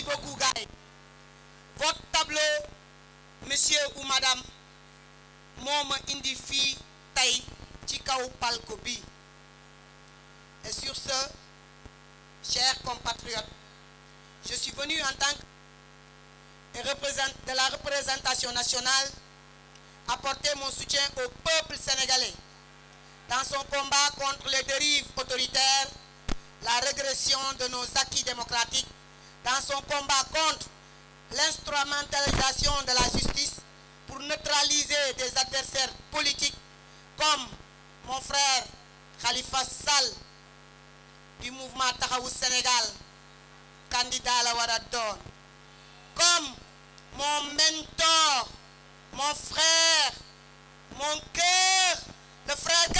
Merci beaucoup, Guy. Votre tableau, monsieur ci palco bi. Et sur ce, chers compatriotes, je suis venu en tant que de la représentation nationale apporter mon soutien au peuple sénégalais dans son combat contre les dérives autoritaires, la régression de nos acquis démocratiques dans son combat contre l'instrumentalisation de la justice pour neutraliser des adversaires politiques comme mon frère Khalifa Sall du mouvement Taxawu Sénégal candidat la war a doon comme mon mentor mon frère mon cœur le frère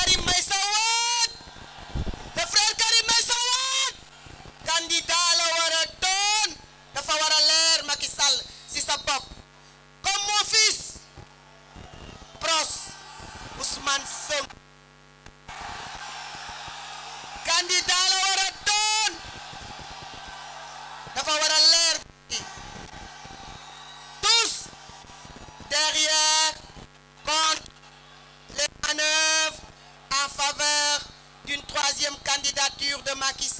Ousmane Sonko la war a doon dafa war a derrière contre les manœuvres en faveur d'une troisième candidature de Macky Sall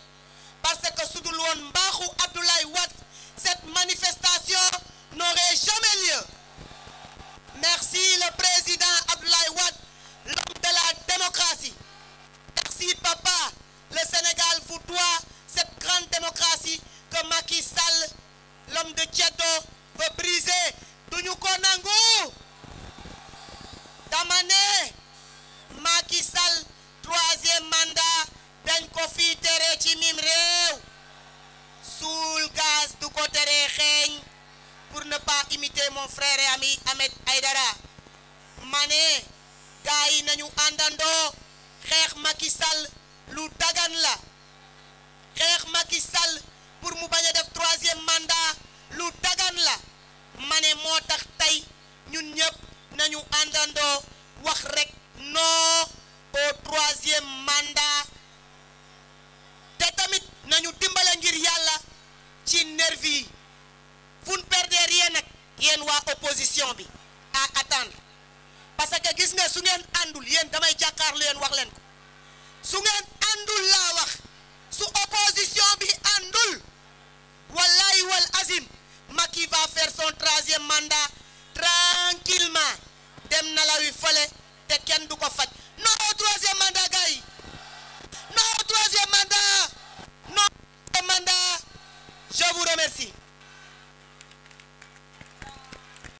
que Macky Sall l'homme de Thiato veut briser duñu ko nangu dama ne Macky Sall mandat dañ ko fi tere ci mim réew suul gaz du ko tere xeeñ pour ne pas imiter mon frère ami Ahmed Aïdara ma ne gaa nañu àndandoo xeex Macky lu dagan la xeex Macky pour mu bañ a def troisième mandat lu dagan la ma ne moo tax tey ñun ñëpp nañu àndandoo wax rek non au troisième mandat te tamit nañu dimbale ngir yàlla ci nervi yi vous ne perdez rien nag yéen waa opposition bi à attendre parce que gis nga su ngeen àndul yéen damay jàkkaarlu leen wax leen ko su ngeen àndul laa troisième mandat tranquillement dem na la wi fële te kenn du ko faj non au mandat gars